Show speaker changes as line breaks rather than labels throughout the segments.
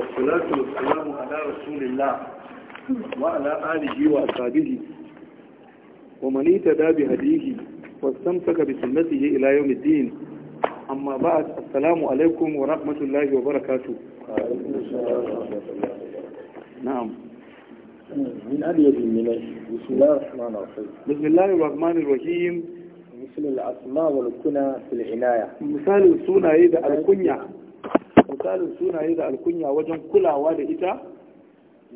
wasu salamu ala rasulillah wa ala alihi wa asabihi wa manita da bi hadihi wa samsaka bi sunnatihi ila yawmi din amma ba assalamu alaikum wa rahmatullahi wa barakatu na'am min adiyatin min bismillahir bismillahir rahmanir rahim misalin asma wal kunna fil inaya misalin sunaye da alkunya misalin sunaye da alkunya wajen kulawa da ita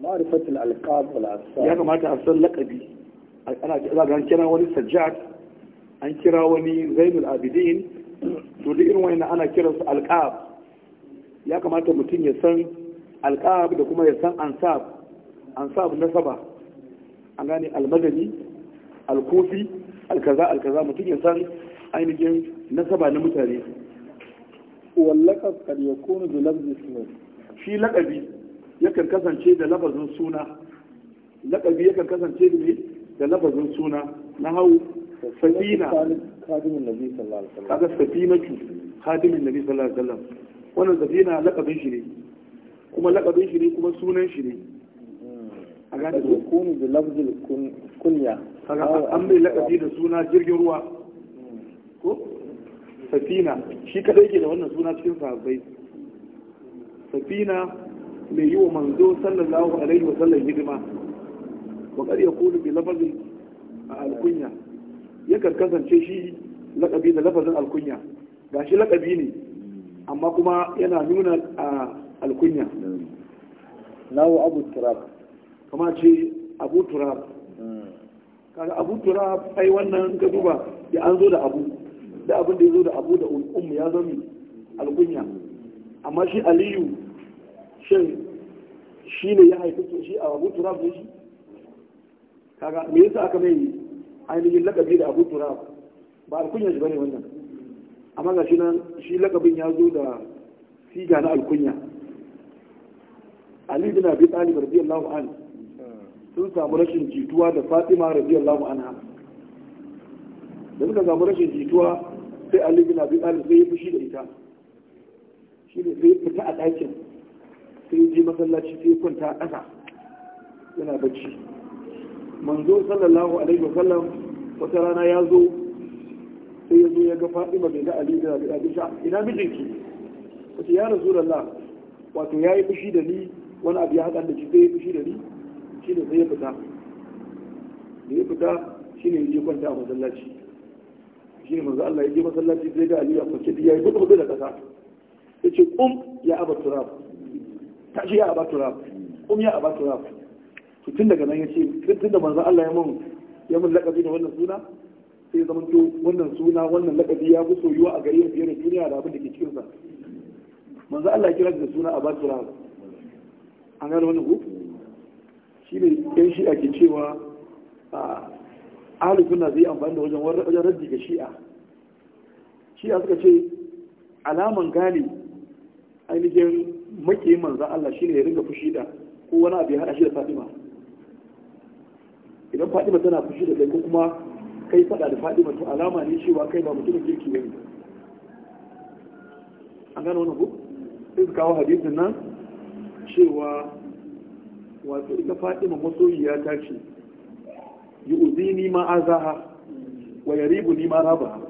ma'rifatul alqab wal asfar ya kamata a san laqabi ana za ga kira wani sajjad an kira wani zainul abidin to duk irin wannan ana kiransu alqab ya kamata mutum ya san alqab da kuma ya san ansab ansab nasaba an gane almadani alkufi alkaza alkaza mutum ya san ainihin nasaba na mutane wallakar kad ya kunu da lafzi suna. shi lakabi yakan kasance da lafazin suna lakabi yakan kasance da ne da lafazin suna na hau Sabina. khadimin nabi sallallahu alaihi wasallam kaga nabi sallallahu alaihi wasallam wannan Sabina lakabin shi ne kuma lakabin shi ne kuma sunan shi ne a gane su kunu bi lafzil kunya kaga an bai lakabi da suna jirgin ruwa hmm. ko safina shi kadai ke da wannan suna cikin sahabbai safina mai yi wa manzo sallallahu alaihi wa sallam hidima wa kar ya kulu bi lafazin alkunya yakan kasance shi lakabi da lafazin alkunya shi lakabi ne amma kuma yana nuna alkunya lawo abu turab kama ce abu turab hmm. kaga abu turab ai wannan ka duba ya an zo da abu da abin da ya zo da abu da ummu umm ya zami alkunya amma shi aliyu shin shi ne ya haifi shi a abu turab ne shi kaga me yasa aka mai ainihin lakabi da abu turab ba alkunya shi bane wannan amma ga shi nan shi lakabin ya zo da siga na alkunya ali bin abi talib radiyallahu anhu sun samu rashin jituwa da fatima radiyallahu anha da suka samu rashin jituwa sai Ali bin Abi Talib sai ya fushi da ita shi ne sai fita a ɗakin sai je masallaci sai kwanta a ƙasa yana bacci manzo sallallahu alaihi wa sallam wata rana ya zo sai ya zo ya ga Fatima bai ga Ali da Abi Talib ina mijinki wace ya Rasulullah wato ya yi fushi da ni wani abu ya haɗa da shi sai ya fushi da ni shi ne sai ya fita da ya fita shi ne ya je kwanta a masallaci shi ne manzo Allah ya je masallaci sai ga Ali a kwance ya yi gudu da kasa ya ce kum ya aba turab tashi ya aba turab kum ya aba turab to tun daga nan ya ce tun da manzo Allah ya mun ya mun lakabi da wannan suna sai zama to wannan suna wannan lakabi ya fi soyuwa a gare fiye da duniya da abin da ke cikin sa manzo Allah ya kira da suna aba turab an gano wannan ku shi ne yan shi ke cewa a ah, ahalin suna zai amfani da wajen wajen raddi ga shi'a shi'a suka ce alaman gane ainihin maki manza Allah shine ya ringa fushi da ko wani abu ya hada shi da Fatima idan Fatima tana fushi da kai ko kuma kai fada da Fatima to alama ne cewa kai ba mutumin kirki ne an gano wannan ko sai su kawo hadisin nan cewa wato ita Fatima masoyiya ta ce yu'zini ma azaha wa yaribu ni ma rabaha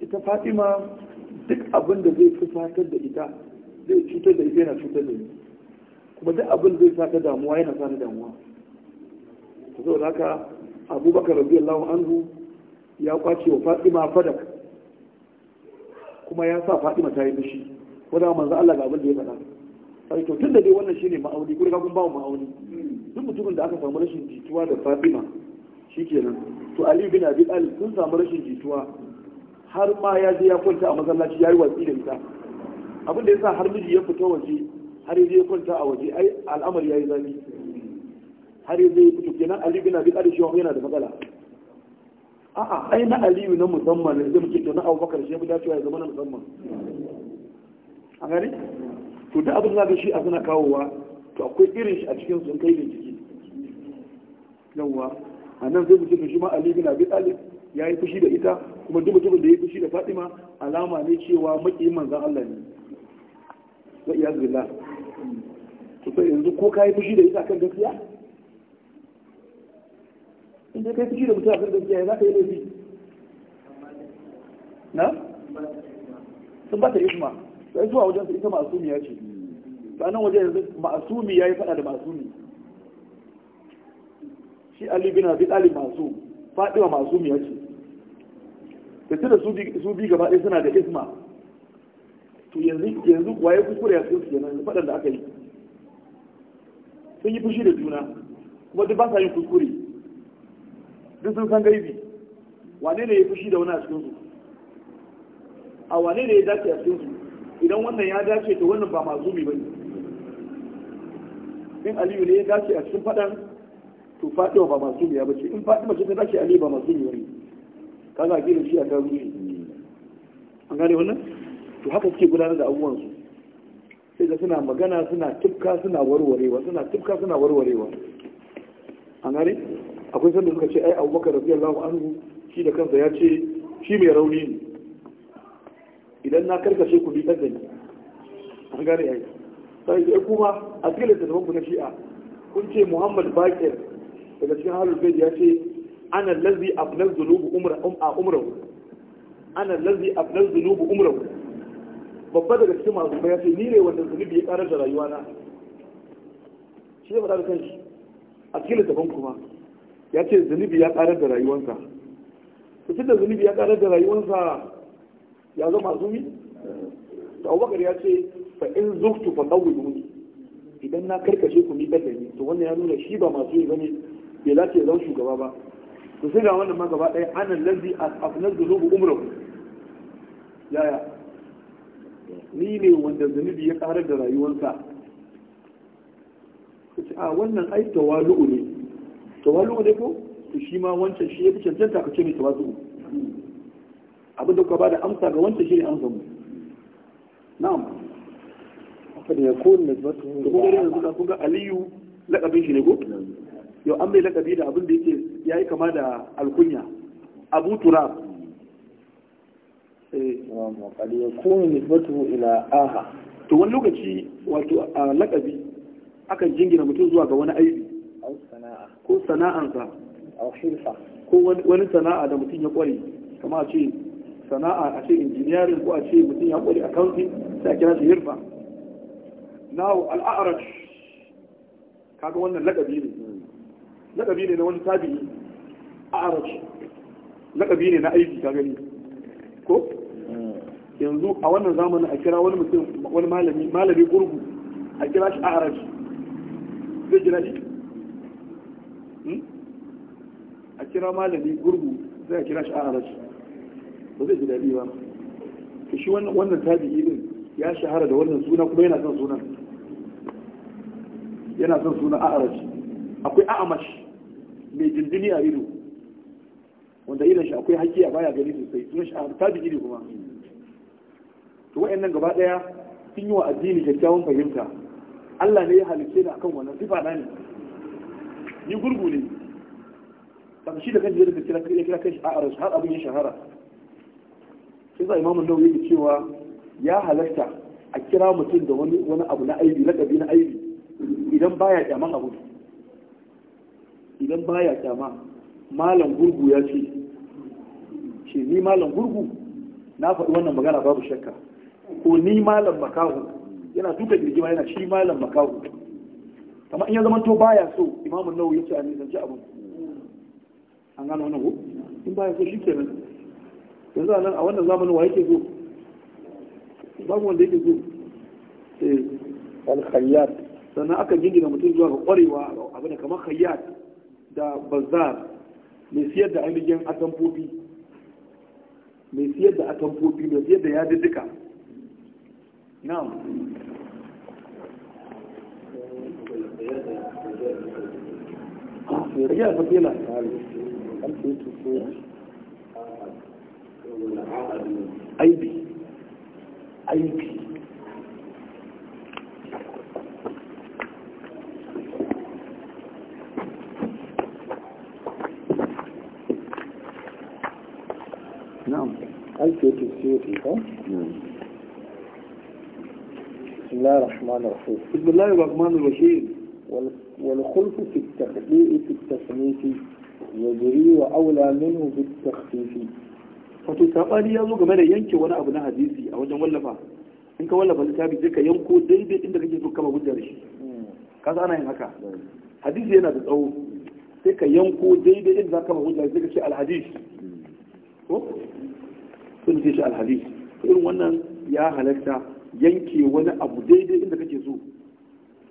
ita Fatima duk abin da zai fusatar da ita zai cutar da ita yana cutar da ni kuma duk abin zai sa ta damuwa yana sa ta damuwa to haka Abubakar radiyallahu anhu ya kwace wa Fatima fadak kuma ya sa Fatima ta yi mishi ko manzo Allah ga abin da ya faɗa sai to tun da dai wannan shine ma'auni kuma ga kun ba ma'auni hmm. duk mutumin da aka samu rashin jituwa da Fatima shikenan to Ali bin Abi Talib kun samu rashin jituwa har ma ya je ya kwanta a masallaci yayi watsi da ita abin da yasa har miji ya fita waje har ya je ya kwanta a waje ai al'amari yayi zafi har ya je ya fito kenan Ali bin Abi Talib shi yana da matsala a'a ai na Aliyu na musamman da muke to na Abubakar shi ya fi dacewa ya zama na musamman a gari to da abin zaga shi a suna kawowa to akwai irin shi a cikin sun kai jiki yawwa a nan zai mutum shi ma ali bin abi talib ya yi fushi da ita kuma duk mutumin da ya yi fushi da fatima alama ne cewa maƙiyin manzan allah ne wa iya billah to sai yanzu ko ka yi fushi da ita kan gaskiya in dai yi fushi da mutum kan gaskiya za ka yi laifi na sun ba ta isma sai zuwa wajen su ita masumiya ce sanan wajen yanzu masumi ya yi faɗa da masumi. shi ali bin abi talib masu fadiwa masumiya ce da tunda su bi gaba ɗaya suna da isma to yanzu yanzu waye kuskure ya tsinsu kenan faɗan da aka yi sun yi fushi da juna kuma duk ba sa yin kuskure duk sun san gaibi wane ne ya fushi da wani a cikinsu a wane ne ya dace a cikinsu idan wannan ya dace to wannan ba mazumi ne. in aliyu ne ya dace a cikin fadan to fadiwa ba mazumi ya bace in fadima ce ta dace aliyu ba mazumi bane a gina shi a ta ne. an gane wannan to haka suke gudanar da abubuwan su sai da suna magana suna tufka suna warwarewa suna tufka suna warwarewa an gane akwai sanda suka ce ai abubakar radiyallahu anhu shi da kansa ya ce shi mai rauni ne idan na karkashe ku bi ɗan an gane yi sai sai kuma a cikin da ku na shi'a kun ce muhammad bakir daga cikin halin bai ya ce ana lazi abnal dhunubu umra um a umrahu ana lazi abnal dhunubu umrahu babba daga cikin masu ya ce ni ne wanda zunubi ya karar da rayuwa na shi ya faɗa da kanshi a cikin da kuma ya ce zunubi ya karar da rayuwansa to da zunubi ya karar da rayuwansa ya zama azumi to abubakar ya ce fa in zuktu fa qawwidu idan na karkashe ku ni yi to wannan ya nuna shi ba masu yi bane bai lati ya zama shugaba ba to sai ga wannan ma gaba ɗaya ana lazi afnar zunubu umrahu yaya ni ne wanda zunubi ya ƙarar da rayuwarsa kace a wannan ai tawalu'u ne tawalu'u ne ko to shi ma wancan shi ya fi cancanta ka ce mai tawalu'u abin da kuka ba da amsa ga wancan shi ne amsa mu na'am haka da ya kowane da zuwa tun da kuma yanzu ka kuka aliyu lakabin shi ne ko yau an bai lakabi da abin da yake ya yi kama da alkunya abu turab kada ya kowane nisbatu ila aha to wani lokaci wato a lakabi akan jingina mutum zuwa ga wani aiki ko sana'ansa ko wani sana'a da mutum ya kware kama a ce sana'a a ce injiniyarin ko a ce mutum ya kware accounting sai a kira shi hirfa now al'a'arash kaga wannan lakabi ne lakabi ne na wani tabi'i a'arash lakabi ne na aiki ka gani ko yanzu a wannan zamanin a kira wani mutum wani malami malami gurgu a kira shi a'arash zai kira shi hmm? a kira malami gurgu zai kira shi a'arash ba zai ji daɗi ba to shi wannan tabi'i din ya shahara da wannan suna kuma yana son sunan yana son sunan a'arashi akwai a'amash mai jindini a ido wanda idan shi akwai haƙƙi a baya gani sosai sunan shi a tabi'i ne kuma to wayannan gaba daya sun yi wa addini kyakkyawan fahimta Allah ne ya halitta ni akan wannan sifa na ne ni gurgu ne shi da kan zai da kira kai a'a a'arashi har abin ya shahara shi sa imamun nawawi yake cewa ya halarta a kira mutum da wani wani abu na aibi lakabi na aibi idan baya kyama abu idan baya kyama malam gurgu ya ce ce ni malam gurgu na faɗi wannan magana babu shakka ko ni malam makahu yana duka girgima yana shi malam makahu kamar in ya zama to baya so imamun nawawi ya ce a nisanci abu an gano wannan ko in baya so shi kenan yanzu nan a wannan zamanin wa yake zo babu wanda yake zo eh. al-khayyat sannan aka jingina mutum zuwa ga kwarewa abu da kamar khayyat da bazar mai siyar da ainihin atamfofi mai siyar da atamfofi mai siyar da yadiddika na'am ya fafila أيدي أيدي نعم ألف إيه نعم. بسم الله الرحمن الرحيم بسم الله الرحمن الرحيم والخلف في التخليق في التخليق يجري وأولى منه بالتخفيف wato sabani ya zo game da yanke wani abu na hadisi a wajen wallafa in ka wallafa littafi sai ka yanko daidai inda kake so kama hujjar shi kaza ana yin haka hadisi yana da tsawo sai ka yanko daidai inda za kama hujjar sai ka ce alhadis ko sun ce shi alhadis irin wannan ya halatta yanke wani abu daidai inda kake so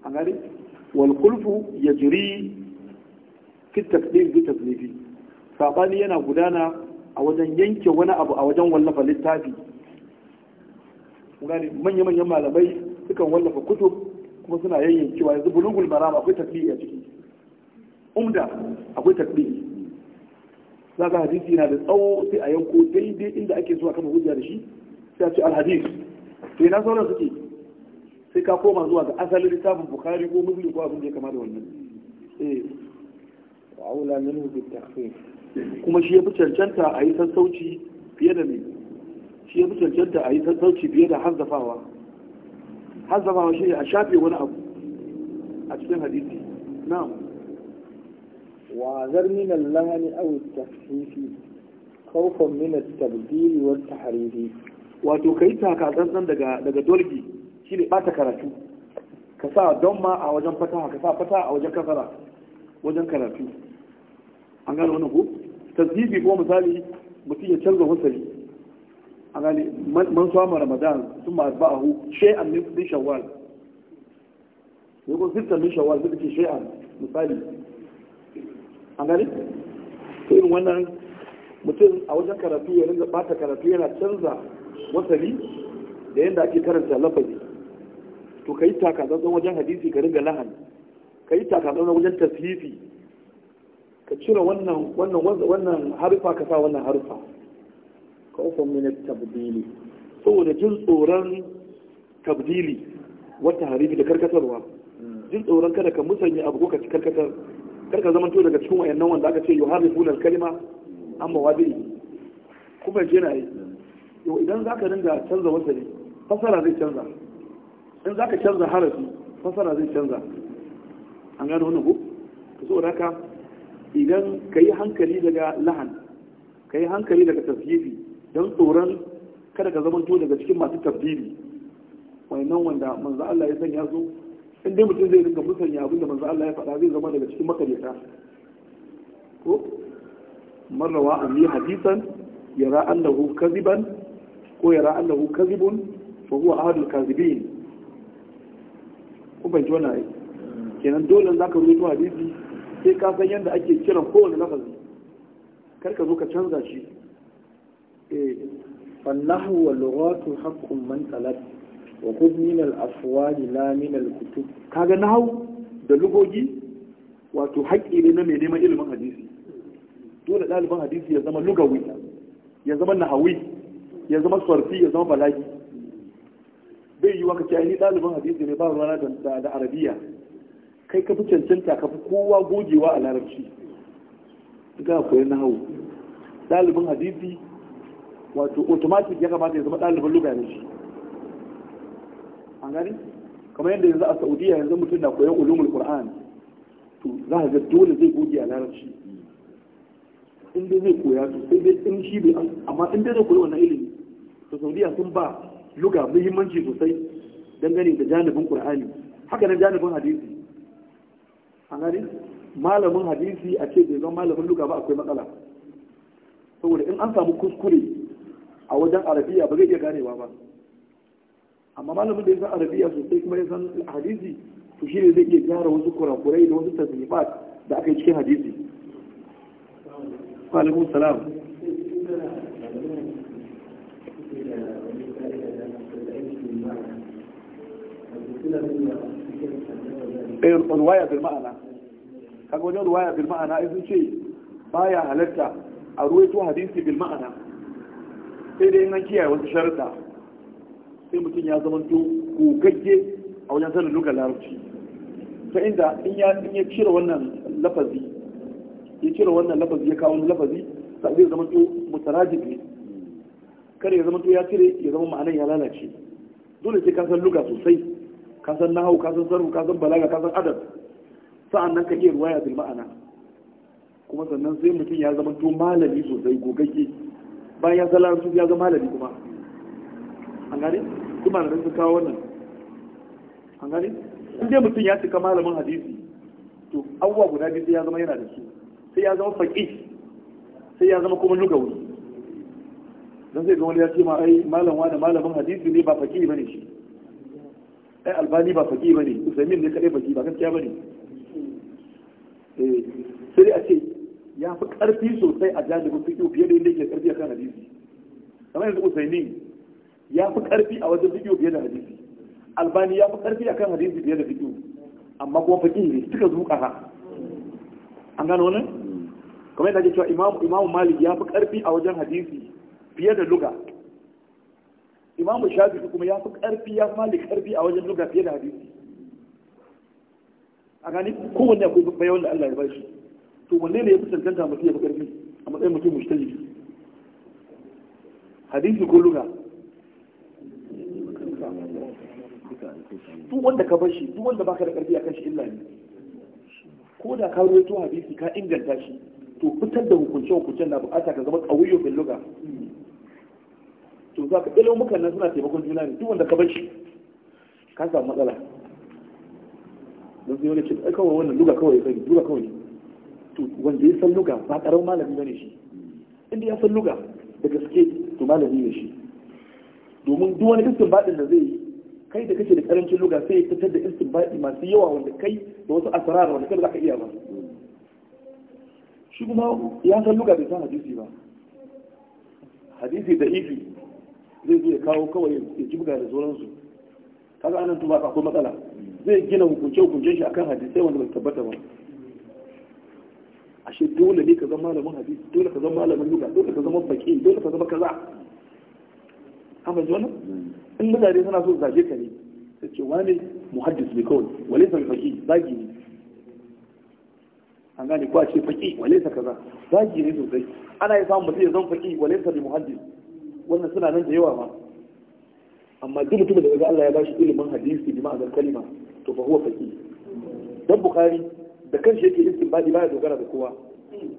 A gane wal kulfu jiri fi tafsir bi tasnifi sabani yana gudana a wajen yanke wani abu a wajen wallafa littafi manya-manyan malamai sukan wallafa kutub kuma suna yayyankewa yanzu bulugul marama akwai tafiye a ciki umda akwai tafiye za ka hadisi na da tsawo sai a yanko daidai inda ake zuwa kama hujja da shi sai a ce alhadis to ina sauran suke sai ka koma zuwa ga asalin littafin bukhari ko muslim ko abin da ya kama da wannan eh wa aula minhu kuma shi ya fi cancanta a yi sassauci fiye da ne shi ya fi cancanta a yi sassauci fiye da hanzafawa hanzafawa shi ne a shafe wani abu a cikin hadisi na wa zarmin allahani aw tahfifi khawfan min at-tabdil wa at-tahrif wato kai taka tsantsan daga daga shi shine bata karatu ka sa don ma a wajen fata, ka sa fata a wajen kafara wajen karatu an gane wani ko tasdiqi ko misali mutum ya canza wasali an gane man sama ramadan sun ma asba'ahu shay'an min din shawwal ya ko sitta min shawwal sai ce shay'an misali an gane to yin wannan mutum a wajen karatu ya rinka bata karatu yana canza wasali da yadda ake karanta lafazi to ka yi takatsantsan wajen hadisi ka ringa lahani ka yi takatsantsan wajen tashifi ka cire wannan wannan wannan harfa ka sa wannan harfa ka ofa min tabdili saboda jin tsoron tabdili wata harifi da karkatarwa jin tsoron kada ka musanya abu ko ka karkatar karka zama to daga cikin wayannan wanda aka ce yuharifuna al-kalima an mawadi kuma na yi yau idan zaka dinga canza ne, fasara zai canza in zaka canza harafi fasara zai canza an gano wannan ko to saboda haka idan ka yi hankali daga lahan ka yi hankali daga tafsiri don tsoron kada ka zamanto daga cikin masu tafsiri nan wanda manzo Allah ya sanya su in dai mutum zai rinka musanya abinda manzo Allah ya faɗa zai zama daga cikin makareta ko marrawa an yi hadisan yara annahu kaziban ko yara annahu kazibun fa huwa ahadul kazibin ku bai jona kenan dole zaka rubuta hadisi sai ka san yadda ake kiran kowane lafazi kar ka zo ka canza shi eh fannahu wa lughatu haqqun man talab wa khudh min al afwali la min al kutub kaga nahu da lugogi wato haƙƙi ne na mai neman ilimin hadisi dole ɗaliban hadisi ya zama lugawi ya zama nahawi ya zama sarfi ya zama balagi bai yi wa ka ce ni ɗaliban hadisi ne ba ruwana da arabiya kai ka fi cancanta ka fi kowa gogewa a larabci ga koyar na hau ɗalibin hadisi wato automatic ya kamata ya zama ɗalibin luga ne shi an gani kamar yadda yanzu a saudiya yanzu mutum na koyar ulumul qur'an to za a ga dole zai goge a larabci in dai zai koya to sai dai in shi bai amma in dai zai koyi wannan ilimi to saudiya sun ba luga muhimmanci sosai dangane da janibin qur'ani haka nan janibin hadisi an gani malamin hadisi a ce bai zama malamin luga ba akwai matsala saboda in an samu kuskure a wajen arabiya ba zai iya ganewa ba amma malamin da ya san arabiya sosai kuma ya san hadisi to shi ne zai iya gyara wasu kurakurai da wasu tasirifat da aka yi cikin hadisi alaikum salam eh bil ma'ana kaga wajen ruwaya bil ma'ana ai sun ce baya halatta a ruwaito hadisi bil ma'ana sai dai nan kiyaye wasu sharta sai mutum ya zama to gogagge a wajen sanin lugar larabci ta inda in ya cire wannan lafazi ya cire wannan lafazi ya kawo lafazi zai zama to mutarajib ne kada ya zama to ya cire ya zama ma'anar ya lalace dole sai ka san luga sosai ka san nahau ka san sarfu ka san balaga ka san adab sa'annan ka iya ruwaya bil ma'ana kuma sannan sai mutum ya zama to malami sosai gogagge bayan ya zala su ya zama malami kuma an gane kuma da su kawo wannan an gane in mutum ya cika malamin hadisi to abubuwa guda biyu sai ya zama yana da su sai ya zama faƙi sai ya zama kuma lugawu don sai ga wani ya ce ma ai malam wani malamin hadisi ne ba faƙi bane shi ai albani ba faƙi bane usaimin ne kaɗai faƙi ba gaskiya bane Eh, sai a ce ya fi ƙarfi sosai a jalibin fiƙo fiye da yadda yake ƙarfi a kan hadisi kamar yanzu usaini ya fi ƙarfi a wajen fiƙo fiye da hadisi albani ya fi ƙarfi a kan hadisi fiye da fiƙo amma kuma faƙi ne suka zuƙa ha an gano wannan kamar yadda ake cewa imamu malik ya fi ƙarfi a wajen hadisi fiye da luga imamu shafi'i kuma ya fi ƙarfi ya fi malik ƙarfi a wajen luga fiye da hadisi a gani kowanne akwai bayan wanda Allah ya ba shi to wanne ne ya fi cancanta mutum ya fi ƙarfi a matsayin mutum mushtari hadisi ko luga duk wanda ka bar shi duk wanda baka da ƙarfi akan shi illa ne ko da ka roto hadisi ka inganta shi to fitar da hukunce hukuncen na bukata ka zama ƙauyo bin luga to za ka mukan nan suna taimakon juna ne duk wanda ka bar shi ka samu matsala don sai wani ce kawai wannan luga kawai ya luga kawai to wanda ya san luga ba karamin malami bane shi inda ya san luga da gaske to malami ne shi domin duk wani istinbadin da zai yi kai da kake da karancin luga sai ya fitar da istinbadi masu yawa wanda kai da wasu asrar wanda kai za ka iya ba shi kuma ya san luga bai san hadisi ba hadisi da ifi zai zo ya kawo kawai ya jibga da sauransu kaga anan tuba ko matsala zai gina hukunce hukunce shi akan hadisai wanda bai tabbata ba ashe dole ne ka zama malamin hadisi dole ka zama malamin yuga dole ka zama baki dole ka zama kaza an fahimci wannan in mutane suna so zage ka ne sai ce wani muhaddis ne kawai wale sa faƙi zagi ne an gane ko a ce faƙi wale sa kaza zagi ne sosai ana yi samun mutum ya zama faƙi wale sa bi muhaddis wannan suna nan da yawa ma amma duk mutumin da ga Allah ya bashi ilimin hadisi bi ma'anar kalima to fa huwa faqih dan bukhari da kanshi yake istinbadi baya dogara da kowa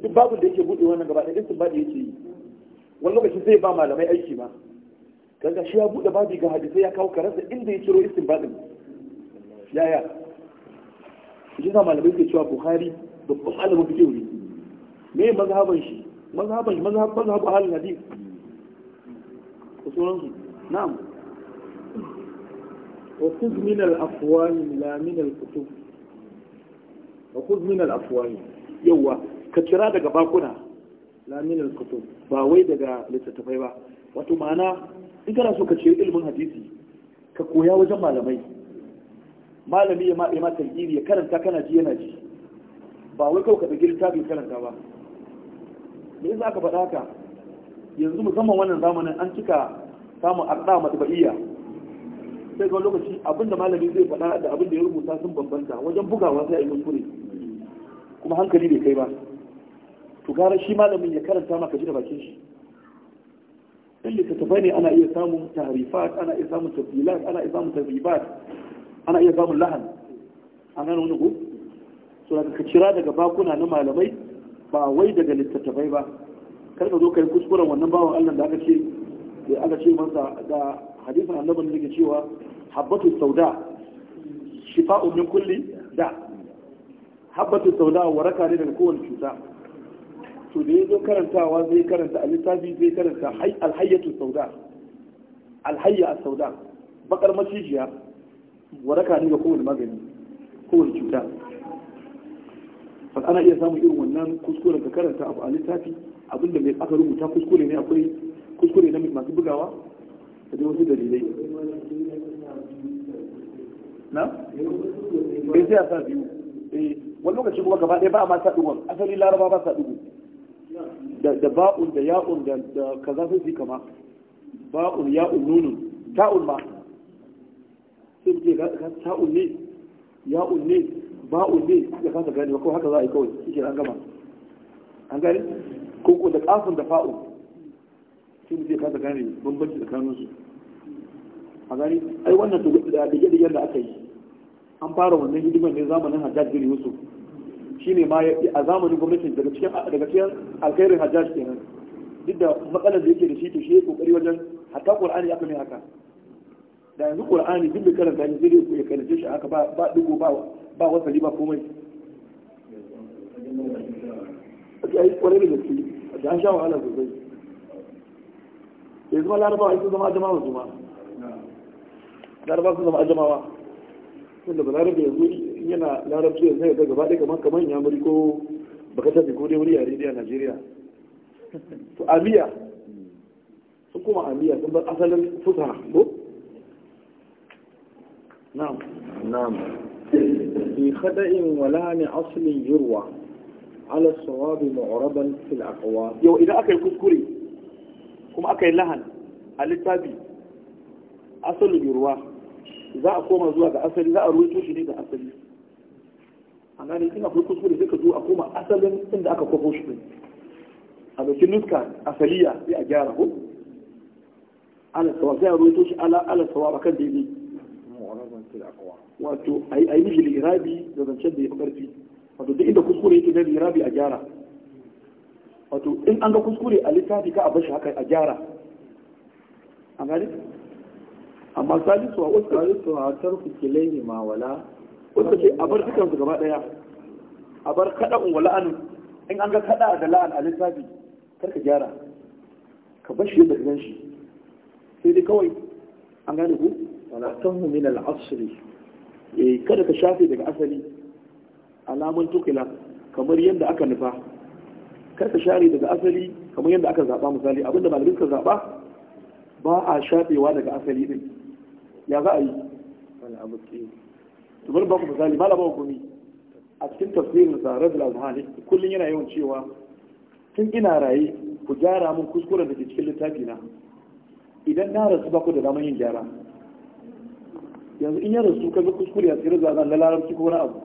duk babu da yake bude wannan gaba da istinbadi yake yi wani lokaci zai ba malamai aiki ma kaga shi ya bude babi ga hadisi ya kawo karansa inda ya ciro istinbadin yaya shi sa malamai ke cewa bukhari babban malamin fiqh ne me mazhaban shi mazhaban shi mazhaban mazhabu ahlul hadith usulan su na'am wa kuz min al-afwahi ka kira daga bakuna la ba wai daga littattafai ba wato mana in kana so ka ce ilimin hadisi ka koya wajen malamai malami ya ma ya ma tarbiyyar ya karanta kana ji yana ji ba wai kawai ka ɗauki littafin karanta ba me yasa aka faɗa haka yanzu musamman wannan zamanin an cika samun arda matubaiya sai ga lokaci abinda malami zai faɗa da abinda ya rubuta sun bambanta wajen bugawa sai a yi kuskure kuma hankali bai kai ba to gara shi malamin ya karanta maka ji da bakin shi in littattafai ne ana iya samun tarifat ana iya samun tafilat ana iya samun tarifat ana iya samun lahan an gane wani ko so daga ka cira daga bakuna na malamai ba wai daga littattafai ba kar ka zo yi kuskuren wannan bawan Allah da aka ce da aka ce masa da hadisin annabin da ke cewa habbatu sauda shifa'u min kulli da habbatu sauda waraka ne daga kowane cuta to da yanzu karantawa zai karanta alisabi zai karanta alhayyatu sauda alhayya sauda bakar macijiya waraka ne ga kowane magani kowane cuta fa ana iya samun irin wannan kuskure ka karanta abu a littafi abinda mai aka rubuta kuskure ne akwai kuskure na masu bugawa da dai wasu dalilai na? eh sai a sa biyu eh wani lokaci kuma gaba ɗaya ba a ma sa ɗigon asali laraba ba sa ɗigo da ba'un da ya'un da kaza sai su kama ba'un ya'un nunun ta'un ma sai su ce ta'un ne ya'un ne ba'un ne ya kasa gane ko haka za a yi kawai shi an gama an gani ko da kafin da fa'un sai mu zai kasa gane bambanci tsakaninsu a gani ai wannan da da dagen da aka yi an fara wannan hidimar ne zamanin hajjaj bin yusuf ne ma a zamanin gwamnati daga cikin alkhairin hajjaj kenan duk da matsalar da yake da shi to shi ya kokari wajen hatta qur'ani aka mai haka da yanzu qur'ani duk da karanta ne zai ya karanta shi haka ba ba dugo ba ba wasali ba komai ai kwarai da gaske da sha wahala sosai yanzu ma larabawa sun zama ajamawa su ma larabawa sun zama ajamawa tunda ba larabe yanzu yana larabci yanzu ya gaba ɗaya kamar kamar ya muri ko baka tafi ko dai wuri yare dai a Najeriya to amiya su kuma amiya sun bar asalin fusa ko na'am na'am fi in wala ne asalin yurwa ala sawabi mu'raban fil aqwa yau idan aka yi kuskure kuma aka yi lahan a littafi asalin yurwa za a koma zuwa ga asali za a ruwaito shi ne ga asali a gane ina akwai kuskure sai ka zo a koma asalin inda aka kwafo shi ne a dauki nuska asaliya sai a gyara ko ala sawa sai a ruwaito shi ala ala sawa akan daidai wato a yi mishi lirabi da zancen da ya fi ƙarfi wato duk inda kuskure yake da lirabi a gyara wato in an ga kuskure a littafi ka a bashi haka a gyara a gane amma salisu a wasu salisu a tarku kilai ma wala wasu ce a bar dukansu gaba daya a bar kada'un wala la'anin in an ga kada da la'an a lissafi kar ka gyara ka bar shi da gan shi sai dai kawai an gane ku wala tahu min al-asri eh kada ka shafe daga asali alamun tukila kamar yadda aka nufa kar ka share daga asali kamar yadda aka zaba misali abinda malamin ka zaba ba a shafewa daga asali din ya za a yi to bari ba ku misali malama hukumi a cikin tafsirin sa da azhani kullun yana yawan cewa tun ina raye ku gyara mun kuskuren da ke cikin littafi na idan na rasu ba ku da daman yin gyara yanzu in ya rasu ka ga kuskure a cikin zazen na larabci ko wani abu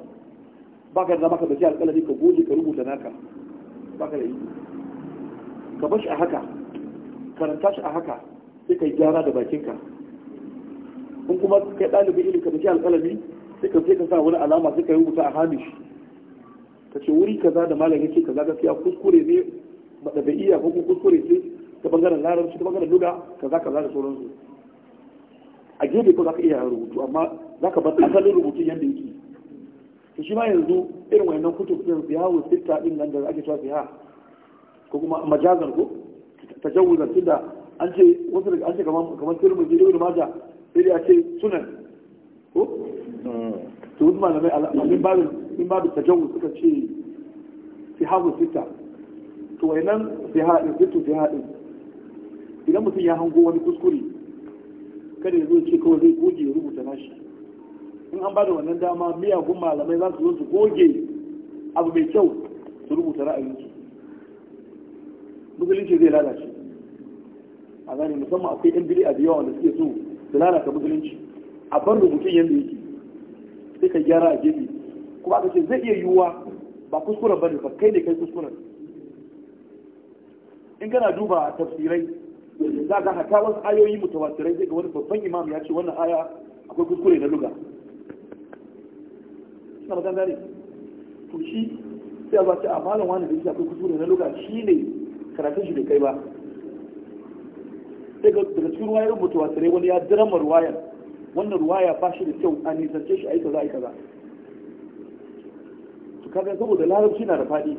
ba ka zama ka da shi alƙalami ka goge ka rubuta naka ba ka da yi ka bar shi a haka karanta shi a haka sai ka gyara da bakinka in kuma kai ɗalibin ilimin ka tafi alƙalami sai ka sai ka sa wani alama sai ka yi rubuta a hamish ka ce wuri kaza da malam yake kaza gaskiya kuskure ne bai iya ko kuskure ce ta bangaren larabci ta bangaren luga kaza kaza da sauransu a gefe ko za ka iya rubutu amma za ka bar asalin rubutu yadda yake to shi ma yanzu irin wayannan kutub din zihawu sitta din nan da ake cewa ziha ko kuma majazan ko tajawuzan tunda an ce wasu daga an ce kamar kamar tirmidhi ibn majah sai a ce sunan ko to wasu malamai alamin babin in babin tajawuz suka ce fi hagu sita to wayannan fi haɗin sito fi haɗin idan mutum ya hango wani kuskure kada ya zo ce kawai zai goge ya rubuta nashi in an bada wannan dama miyagun malamai za su zo su goge abu mai kyau su rubuta ra'ayinsu musulunci zai lalace a zane musamman akwai yan biri a da yawa wanda suke so da lalata musulunci a bar rubutun yadda yake sai ka gyara a gefe kuma aka ce zai iya yiwuwa ba kuskuren ba ne ba kai ne kai kuskuren in kana duba tafsirai za ka haka wasu ayoyi mutawatirai zai ga wani babban imam ya ce wannan aya akwai kuskure na luga suna magana ne to shi sai a ba ce a malam wani da shi akwai kuskure na luga shi ne karatun shi bai kai ba daga cikin ruwayar mutuwa tare wani ya dirama ruwayar wannan ruwaya ba shi da kyau a nisance shi a yi kaza a yi kaza su kaga saboda larabci na da faɗi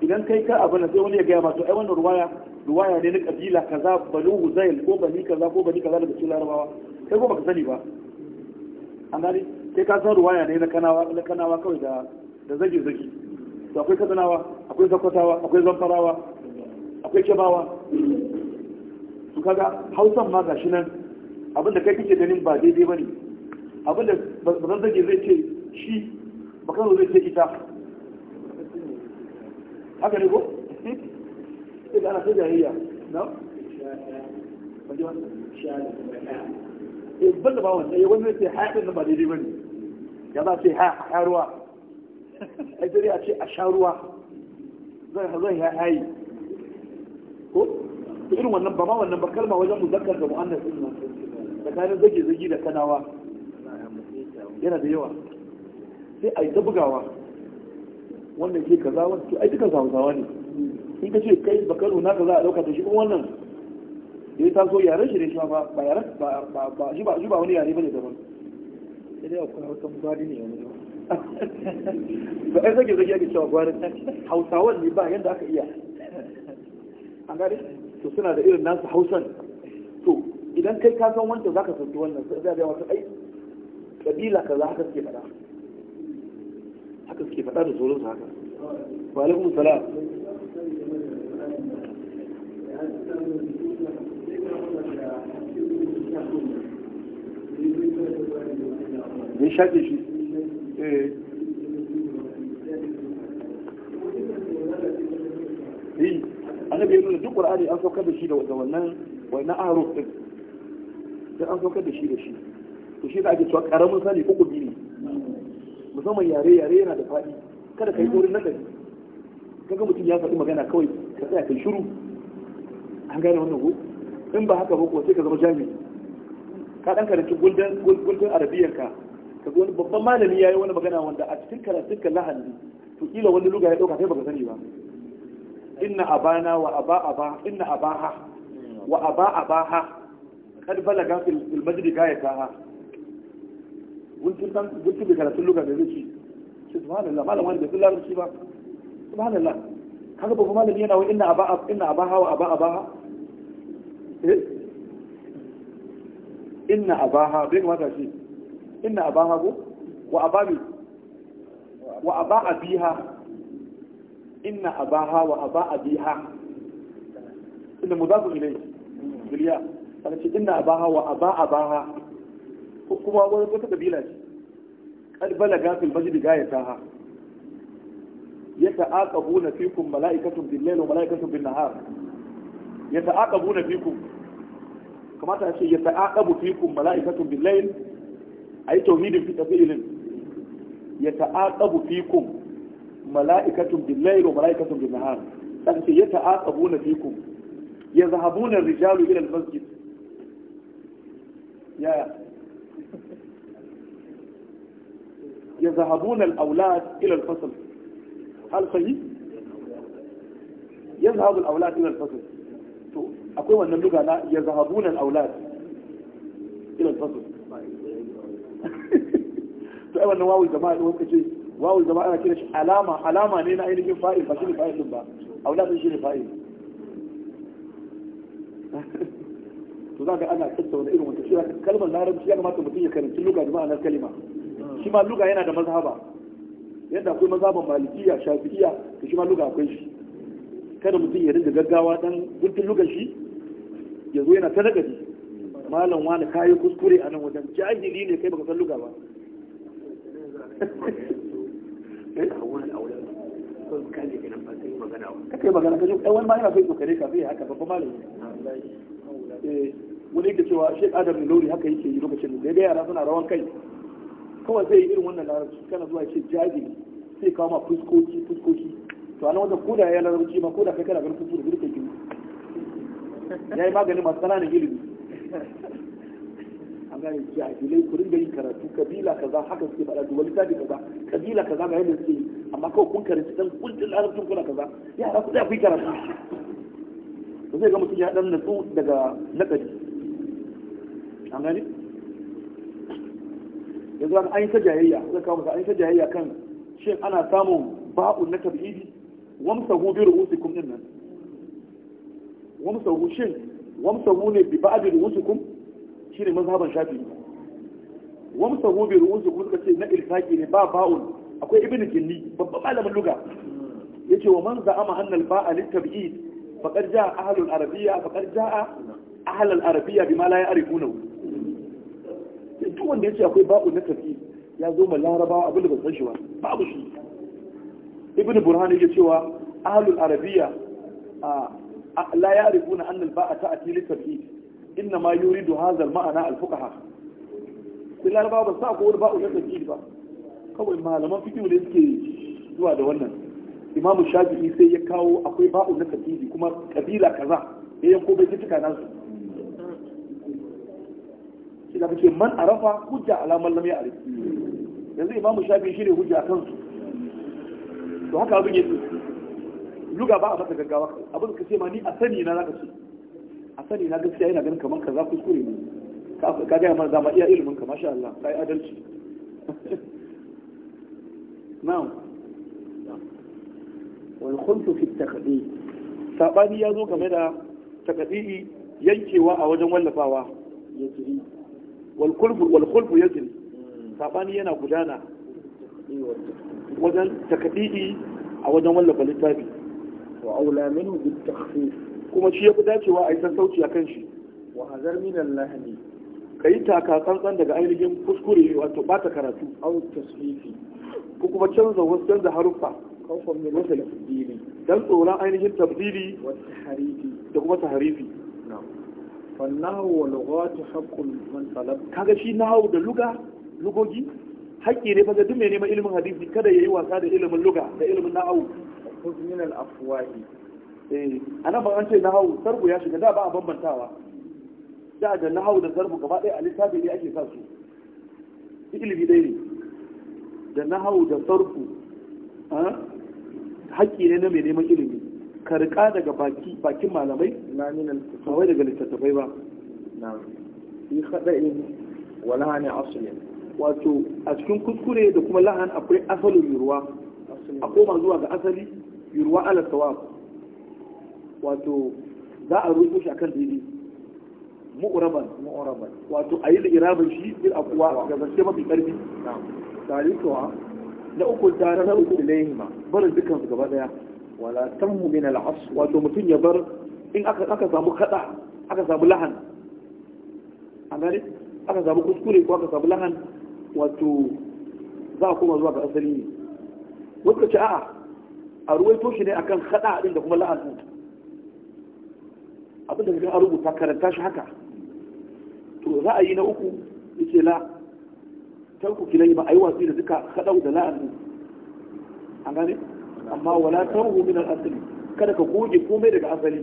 idan kai ka na sai wani ya gaya masu ai wannan ruwaya ruwaya ne na kabila kaza bani huzail ko bani kaza ko bani kaza daga cikin larabawa kai ko baka sani ba an gani kai ka san ruwaya ne na kanawa na kanawa kawai da da zage zage to akwai kadanawa akwai zakwatawa akwai zamfarawa akwai kebawa su kaga hausan ma gashi nan abinda kai kike ganin ba daidai ba ne abinda bazan zage zai ce shi ba bakano zai ce ita haka ne ko sai da ana ta jahiliya na eh, ban da ba wanda ya eh, wani sai haɗin da ba daidai ba ne ya za ce ha a ruwa ai dare a ce a sha ruwa zai zan ya hayi ko irin wannan ba ma wannan ba kalma wajen muzakkar da mu'annas din nan tsakanin zage zage da kanawa yana da yawa sai a yi ta bugawa wannan ke kaza wannan to ai dukan hausawa ne in ka ce kai ba kano naka za a dauka da shi kuma wannan da ya taso yaren shi ne shi ba ba yaren ba ba shi ba shi ba wani yare bane daban sai dai akwai wata gwari ne yanzu ba ai zage zage ake cewa gwari hausawan ne ba yadda aka iya an gane to suna da irin nasu hausan to idan kai ka san wancan zaka santi wannan sai zai ga wata ai kabila za haka suke faɗa haka suke faɗa da sauran su haka wa alaikum salam ne shaƙe shi eh annabi ya duk qur'ani an saukar da shi da wannan wannan ahruf din sai an saukar da shi da shi to shi da ake cewa karamin sani uku ne musamman yare yare yana da faɗi kada ka yi na gari kaga mutum ya faɗi magana kawai ka tsaya kai shiru an gane wannan ko in ba haka ba ko sai ka zama jami'i ka dan karanci guldan guldan arabiyyar ka ka wani babban malami yayi wani magana wanda a cikin karatun ka lahani to kila wani lugar ya dauka kai baka sani ba inna abana wa aba aba inna abaha wa aba abaha kad balaga fil majdi bi da subhanallah malam wani da ba subhanallah kaga babu malami yana inna aba inna abaha wa aba abaha eh inna abaha bai shi inna abaha wa wa aba abiha inna abaha wa aba abiha inda mudafu ilai biliya ana ce inna abaha wa aba abaha kuma wani wata kabila ce kad balaga fil majdi gayataha yata'aqabuna fikum mala'ikatun bil layli wa mala'ikatun bin nahar yata'aqabuna fikum kamata a ce yata'aqabu fikum mala'ikatun bil layli ay tauhidin fi tafsilin yata'aqabu fikum mala’ikatun billahi mala’ikatun bin nahar ɗan ke ya ta’aƙa buna fikun ya zaha rijalu ilal masjid ya ya zaha buna al’aulat ilal fasal halfayi ya zaha buna al’aulat fasal to akwai wannan duga ya zaha buna al’aulat fasal to ai wannan wawon jama'a ne wanka ce wawul zama ana kira shi alama alama ne na ainihin fa'il ba shi ne fa'il ba a sun shi ne fa'il to za ka ana tattauna irin wata shira kalmar larabci ya kamata mutum ya karanci luga da ma'anar kalima shi ma luga yana da mazhaba yadda akwai mazhaban malikiya shafi'iya to shi ma luga akwai shi kada mutum ya rinda gaggawa dan guntun lugar shi ya zo yana ta nagari malam wani kayi kuskure a nan wajen jahili ne kai baka san luga ba awwal awwal to ka ne kenan ba sai magana ba kai magana kaje dan wani malami bai kokare ka bai haka babban malami eh wani yake cewa Sheikh Adam Lauri haka yake yi lokacin da ga yara suna rawan kai kawai zai yi irin wannan larabci kana zuwa ce jahili sai kawo ma fuskoki fuskoki to ana wanda koda ya larabci ma koda kai kana ganin fuskoki da ya yi maganin masu ƙananan ilimi ya gane jahilai ku ringa yin karatu kabila kaza haka suke faɗa duba littafi kaza kabila kaza ga yadda suke amma kawai kun karanci dan kuntun larabcin kuna kaza yara ku tsaya ku yi karatu to zai ga mutum ya dan natsu daga nakari an gane yanzu an yi ta jayayya zai kawo masa an yi ta jayayya kan shin ana samun ba'un na tabhidi wamsahu bi ru'usikum din nan wamsa wamsahu shin hu ne bi ba'd ru'usikum shine mazhaban shafi wamsa gobe ruwunsu kuma suka ce na ilfaki ne ba ba'un akwai ibn jinni babban malamin luga yace wa man za'ama annal ba'a litab'id faqad ja'a ahlul arabiyya faqad ja'a ahlul arabiyya bima la ya'rifuna duk wanda yace akwai ba'un na tafi ya zo ma larabawa abin da ba san shi ba babu shi ibn burhan yake cewa ahlul arabiyya la ya'rifuna annal ba'a ta'ti litab'id inna ma yuridu hazal ma'ana alfukaha. fuqaha sai laraba ba sa ko ba'u na tsakiri ba kawai malaman fikihu ne suke zuwa da wannan imamu shafi'i sai ya kawo akwai ba'u na tsakiri kuma kabila kaza ya yanko bai tuka nasu shi da kace man arafa hujja alaman lam ya'rif yanzu imamu shafi'i shi ne hujja a kansu to haka abin yake luga ba a masa gaggawa abin ka ce ma ni a sani na za ka ce a sani na gaskiya yana ganin kamar kaza kuskure ne ka gaya mana zama iya ilimin ka masha Allah ka yi adalci na'am wal khulfu fi taqdi sabani ya zo game da taqdi yankewa a wajen wallafawa yajri wal khulfu wal khulfu yajri hmm. sabani yana gudana wajen taqdi a wajen wallafa littafi wa aula minhu bi takhfif kuma shi ya fi dacewa a yi sassauci a kan shi wa hazar minan lahani ka yi taka tsantsan daga ainihin kuskure wato ba ta karatu au tasfifi ko kuma canza wasu canza haruffa kawfan min wasa tasdili dan tsoron ainihin tabdili da kuma tahrifi fallahu wa lughatu haqqul man talab kaga shi da luga lugogi haƙƙi ne faga duk mai neman ilimin hadisi kada ya yi wasa da ilimin luga da ilimin nahwu min afuwa afwahi Eh, a nan ba an ce nahawu sarku ya shiga da ba a bambantawa da da nahawu da sarku gaba ɗaya a littafi ne ake sa su ilimi ɗaya ne da nahawu da sarku haƙƙi ne na mai neman ilimi ka riƙa daga bakin malamai ba wai daga littattafai ba yi in wa lahanin asali wato a cikin kuskure da kuma lahan akwai asalin yurwa a koma zuwa ga asali yurwa ala sawab wato za a rufe shi akan daidai mu'uraban mu'raban wato ayi da irabin shi bil aqwa ga zance mafi karfi na'am tarikuwa na uku tare na uku ilayhima barin dukkan su gaba daya wala tammu min al-asr wato mutun ya bar in aka aka samu kada aka samu lahan a gane aka samu kuskure ko aka samu lahan wato za a koma zuwa ga asali ne wata ce a'a a ruwaito shi ne akan kada din da kuma lahan abinda ga an rubuta karanta shi haka to ra'ayi na uku yace la tarku kilai ba ayi watsi da duka kadau da la'an an gane amma wala tarhu min al kada ka goge komai daga asali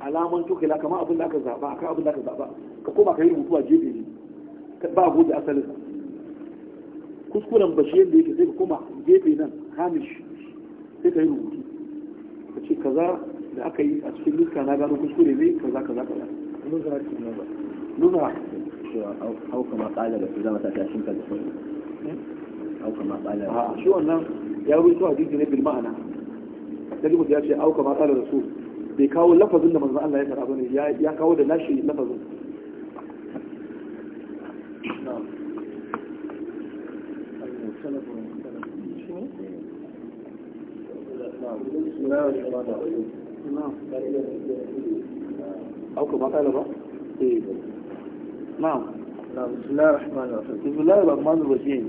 alaman tukila kamar abin da aka zaba aka abin da aka zaba ka koma ka yi rubutu a jefe ne ba goge asalin kuskuren bashi yadda yake sai ka koma jefe nan hamish sai ka yi rubutu ka ce kaza da aka yi a cikin nuska na gano kuskure zai kaza kaza kaza nuzara hau kama kala ba su zama ta tashin kan hau kama kala ba shi wannan ya rubuta a jirgin bil ma'ana sai mutum ya ce hau kama kala rasul bai kawo lafazin da manzo Allah ya fara bane ya kawo da nashi lafazin Thank you. نعم. أو كما قال بقى طيب. إيه نعم. نعم بسم الله الرحمن الرحيم بسم الله الرحمن الرحيم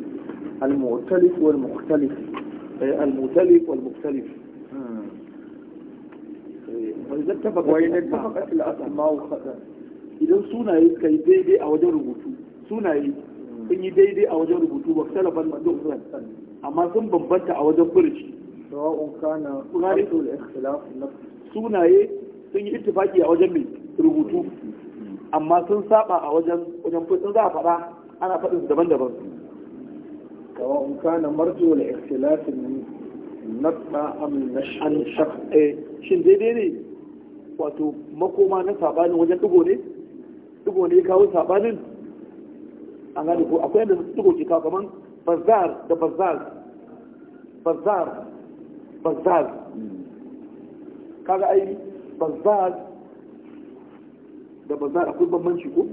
المؤتلف والمختلف المؤتلف والمختلف وإذا اتفقت وإن اتفقت الأسماء إذا سونا كي ديدي أو جربوتو سونا sun yi daidai a wajen rubutu ba talafan madufran amma sun bambanta a wajen furci sawa'un kana qari'ul ikhtilaf nafsi sunaye sun yi ittifaki a wajen mai rubutu amma sun saba a wajen wajen sun za a fada ana faɗin su daban-daban kawai in kana marjo na ikhtilafin na am na shak eh shin daidai ne wato makoma na sabanin wajen digo ne digo ne kawo sabanin an gani ko akwai yadda digo ke kawo kaman bazar da bazar bazar bazar kaga ai bazzaz da bazzaz akwai bambanci ko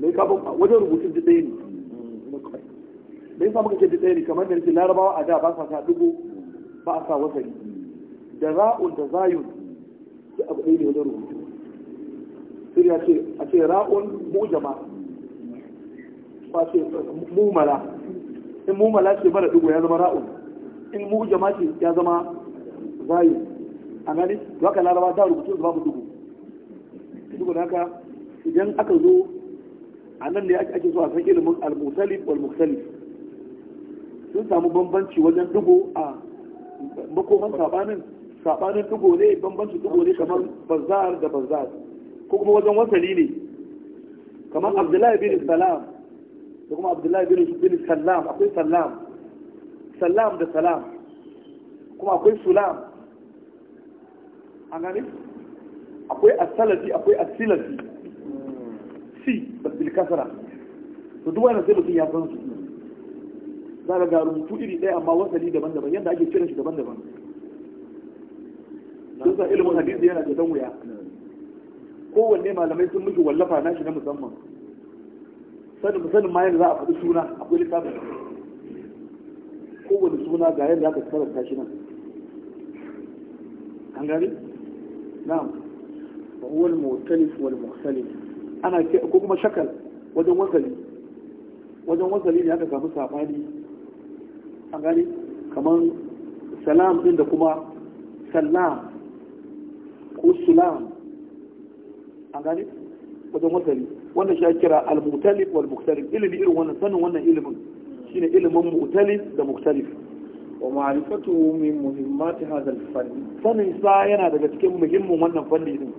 mai ka wajen rubutun duk ɗaya ne me yasa muka ce duk ɗaya ne kamar da yake larabawa a da ba sa sa dubu ba a sa wasari da ra'un da zayun shi abu ɗaya ne wajen rubutu sai ya ce a ce ra'un mujama ba ce mumala in mumala ce mara dubu ya zama ra'un in mujama ce ya zama zayun a gane to haka laraba da rubutu da babu dubu dubu da haka idan aka zo a nan ne ake so a san ilimin al mutalib wal muktalif sun samu bambanci wajen dubu a makoman sabanin sabanin dubu ne bambanci dubu ne kamar bazar da bazar ko kuma wajen wasali ne kamar abdullahi bin salam da kuma abdullahi bin salam akwai salam salam da salam kuma akwai sulam an akwai asalafi akwai asilafi hmm. si da bilkasara to duk wannan sai mutum ya san su za ka ga rubutu iri ɗaya amma wasali daban-daban yadda ake cire shi daban-daban
sun sa ilimin hadisi yana da dan
wuya hmm. kowanne malamai sun miki wallafa na shi na musamman sanin musamman ma yadda za a faɗi suna akwai littafin kowane suna ga yadda aka karanta shi nan an gani na'am wa huwa al-mu'talif wal mukhtalif ana ko kuma shakal wajen wasali wasali ne aka samu sabani an gani kamar salam din da kuma salam ko sulam an gani wajen wasali wannan shi kira al-mu'talif wal mukhtalif ilimi irin wannan sanin wannan ilimin shine ilimin mu'talif da mukhtalif wa ma'rifatu min muhimmati hadha al-fann sanin sa yana daga cikin muhimmin wannan fanni din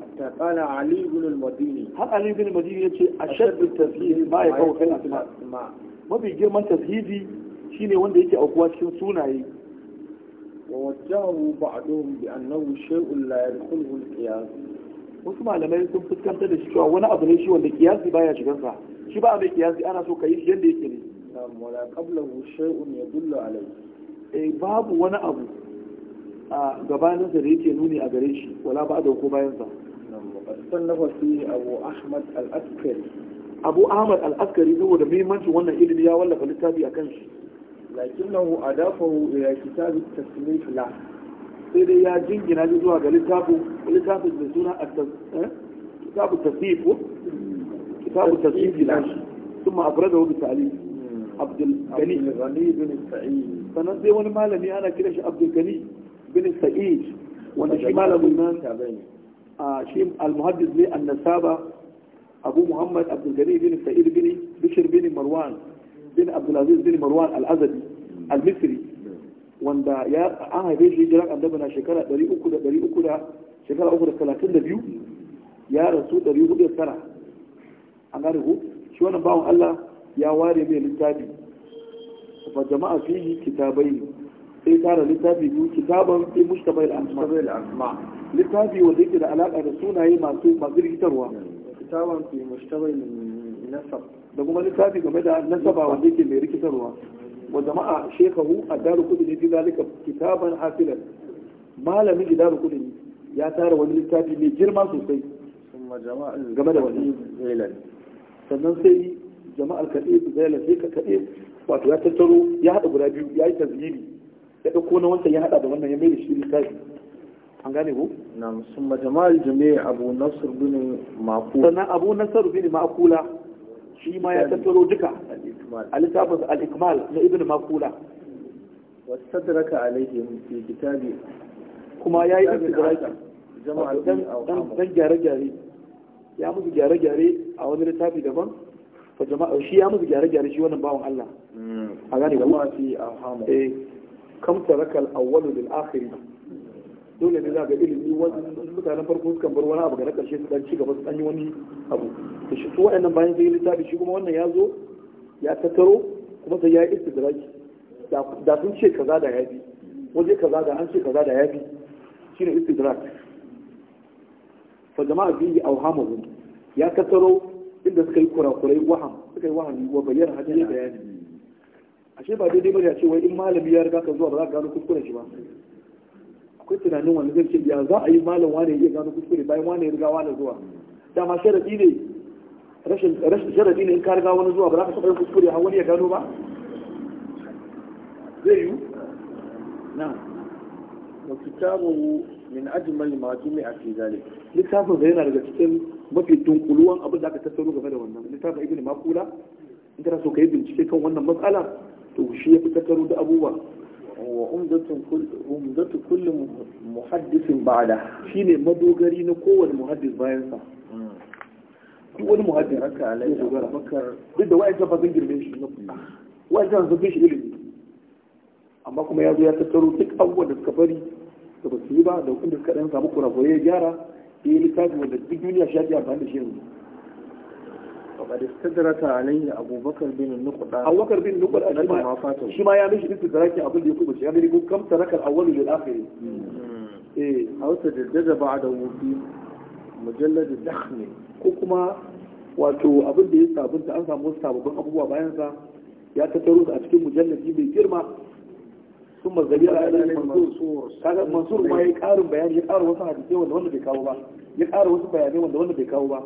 hatta qala ali ibn al-madini har ali ibn al-madini yace ashaddu tafhim ma ya kawo kan asma mafi girman tafhidi shine wanda yake aukuwa cikin sunaye bi بعضهم بأنه شيء لا يدخله القياس wasu malamai sun fuskantar da shi cewa wani abu ne shi wanda kiyasi baya shigar sa shi ba mai kiyasi ana so ka yi shi yadda yake ne na mala qablahu shay'un yadullu alayhi Eh, babu wani abu a gabanin da yake nuni a gare shi wala ba da ko bayan sa na fi abu ahmad al-askari abu ahmad al-askari saboda muhimmancin wannan ilimi ya wallafa littafi a kan shi lakinnahu adafahu ila kitab at-tasnif la sai dai ya jingina shi zuwa ga littafin littafin da suna eh? kitab at-tasnif kitab at-tasnif la ثم أبرده بتعليم عبد الغني بن سعيد sannan sai wani malami ana kira shi abdulkani bin sa'id wanda shi malamin nan a shi al-muhaddis ne annasaba abu muhammad abdulkani bin sa'id bin bishir bin marwan bin abdulaziz bin marwan al-azadi al-misri wanda ya an haife shi hijiran annabi na shekara 300 da 300 shekara 332 ya rasu 409 an gane ku shi wannan bawon Allah ya ware mai littafi fa jama'a fihi kitabai sai tara littafi biyu kitaban sai mushtabai al-asma littafi wanda yake da alaka da sunaye masu rikitarwa da kuma littafi game da nasaba wanda yake mai rikitarwa wa jama'a shekahu a ne fi zalika kitaban hafilan malamin gidaru ne ya tara wani littafi mai girma sosai game da wani sannan sai jama'ar kaɗe wato ya tattaro ya haɗa guda biyu ya yi tazhiri ya ɗauko na wancan ya haɗa da wannan ya mai da shi littafi an gane ku? na musamman jama'ar jami'a abu nasar bin makula sannan abu nasar bin makula shi ma ya tattaro duka a littafin al-ikmal na ibn makula wasadraka alaihim fi kitabi kuma ya yi istidraki dan gyare-gyare ya musu gyare-gyare a wani littafi daban wa jama'a shi ya musu gyare-gyare shi wannan bawan Allah a gane mafi fi arhamu eh kam tarakal awwalu lil akhir dole ne za ga ilimi wannan mutanen farko suka bar wani abu ga na karshe su dan ci gaba su dan yi wani abu to shi su waɗannan bayan sai littafi shi kuma wannan ya zo ya tattaro kuma sai ya yi istidraki da sun ce kaza da yafi waje kaza da an ce kaza da yafi shine istidrak fa jama'a bi awhamu ya tattaro inda suka yi kurakurai waham suka yi waham wa bayyana hajjin bayani ashe ba daidai bane a ce wai in malami ya riga ka zuwa ba za ka gano kuskuren shi ba akwai tunanin wanda zai ce ya za a yi malam wane ya gano kuskure bayan wane ya riga wane zuwa dama sharadi ne rashin sharadi ne in ka riga wani zuwa ba za ka taɓa yin kuskure har wani ya gano ba zai yiwu na'am وكتابه من اجمل ما جمع في ذلك لكتاب غيرنا لغا cikin mafi dunkuluwan abin da aka tattauna game da wannan littafin ibn maqula in kana so kai bincike kan wannan matsala to shi ya fitattaro da abubuwa wa umdatu kull umdatu kull muhaddis ba'da ne madogari na kowane muhaddis bayan sa hmm. wani muhaddis haka alai dogara bakar da wai ba zan girme shi na kullu wai zan zubi shi ilimi amma kuma ya zo ya tattaro duk abubuwan da suka bari da ba su yi ba da wanda suka ɗan samu kurakurai ya gyara ya yi littafi wanda duk duniya shi ake amfani da shi yanzu faɗi istadrata alayhi abubakar bin nuqda abubakar bin nuqda shi ma shi ma ya mishi istidraki abin da ya shi. ya ko kam tarakal awwal lil akhir hmm. eh Hausa da daga ba'da wufi mujallad dakhm ko kuma wato abin da ya sabunta an samu sababbin abubuwa bayan sa ya tattaro a cikin mujalladi mai girma ثم زبير إلى منصور هذا منصور ما يقار بيان يقار وصل حديثه ولا ولا بيكاو با يقار وصل بيانه ولا ولا بيكاو با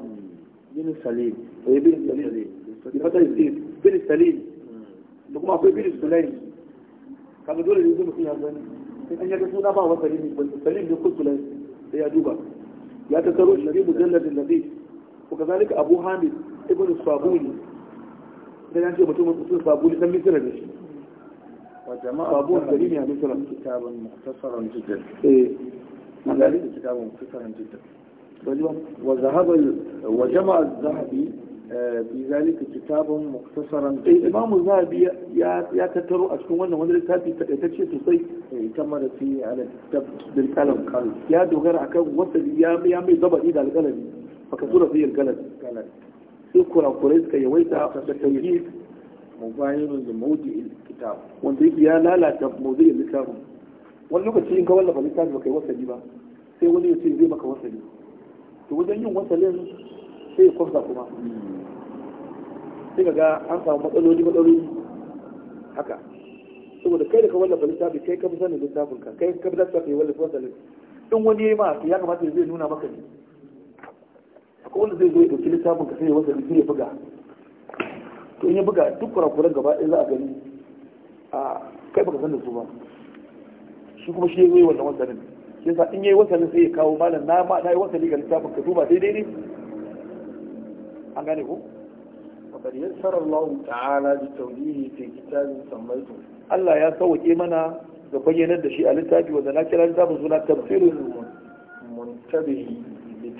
بن سليم أي بن سليم بفتح الدين بن سليم لكم في بن سليم كان دول اللي يزوم فيها زين إن يجسونا ما هو سليم بن سليم يقول سليم إيه، يا دوبا يا تترو النبي مجلد النبي وكذلك أبو حامد ابن الصابوني ده يعني متوم متوم الصابوني سمي سنة وجماعة صابون كريم يعني مثلا كتابا مختصرا جدا ايه نعم. كتابا مختصرا جدا وذهب وجمع الذهبي آه، في ذلك كتاب مختصرا إيه، جدا. الإمام الذهبي يا يا تترو أشكون أنه من الكتاب تكشي تصي إيه، كمرة في على الكتاب بالقلم يا دو غير عكب وصل يا يا مي ضبط على القلم فكثر في القلم القلم يكون القرآن كي يويتها mubahirun da mawdi'il kitab wanda yake ya lalata mawdi'il littafin wani lokaci in ka wallafa littafi ba yi wasali ba sai wani ya ce zai maka wasali to wajen yin wasalin sai ya kwafta kuma sai ka ga an samu matsaloli matsaloli haka saboda kai da ka wallafa littafin kai ka fi sanin littafin ka kai ka fi littafi ya wallafa wasalin in wani ya yi ma ya kamata zai nuna maka ne akwai wanda zai zo ya ɗauki littafin ka sai ya wasali sai ya buga to in ya buga duk kurakuran gaba ɗaya za a gani a kai baka san da su ba shi kuma shi ya yi wannan wasanin shi yasa in yi wasanin sai ya kawo malam na ma na yi wasanin ga littafin ka duba daidai ne an gane ko وقد يسر ta'ala da لتوليه في kitabin سميته Allah ya سوى mana ga bayyanar da shi a littafi wanda na kira littafin suna tafsirul muntabi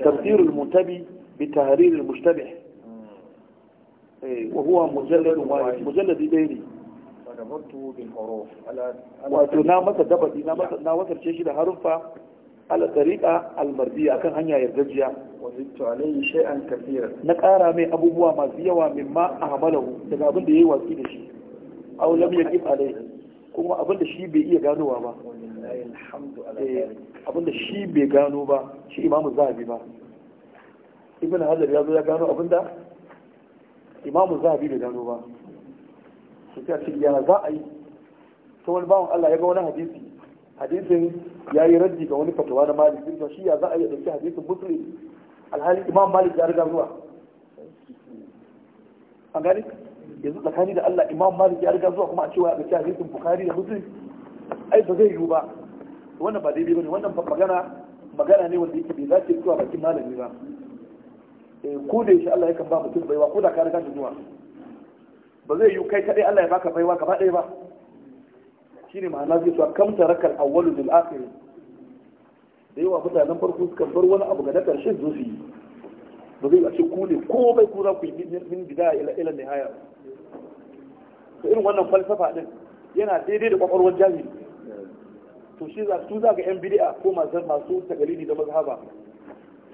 tafsirul muntabi bi tahriril mushtabih Eh. wa huwa mujalladun wahid mujalladi dai ne wato na masa dabadi na na wasarce shi da haruffa ala tariqa almardiya kan hanya yardajiya wa zittu alayhi na ƙara mai abubuwa masu yawa mimma ahmalahu daga abin da yayi watsi da shi
aw lam yaqif
kuma abin da shi bai iya ganowa ba eh, abin da shi bai gano ba shi imamu zahabi ba ibn hajar ya ya gano abin da imamu zahabi da gano ba su ta ce yana za a yi ta wani bawan Allah ya ga wani hadisi hadisin ya yi raddi ga wani fatawa na malik din to shi ya za a yi dauki hadisin muslim alhali imam malik ya riga zuwa an gani yanzu tsakani da Allah imam malik ya riga zuwa kuma a cewa ya dauki hadisin bukhari da muslim ai ba zai yiwu ba wannan ba daidai bane wannan magana magana ne wanda yake bai zace zuwa bakin malami ba Eh, ko da shi Allah ya kan ba mutum baiwa ko da ka riga da zuwa ba zai yi kai kaɗai, Allah ya baka baiwa gaba ɗaya ba Shi ne ma'ana zai cewa kam tarakal awwalu lil akhir da yawa mutanen farko suka bar wani abu ga na karshen zo su yi ba zai a ce ku ne ko bai ku za ku yi min bida ila ila haya? to irin wannan falsafa din yana daidai da kwakwalwar jami'i to shi za su za ga yan bid'a ko masu tagalini tagalidi da mazhaba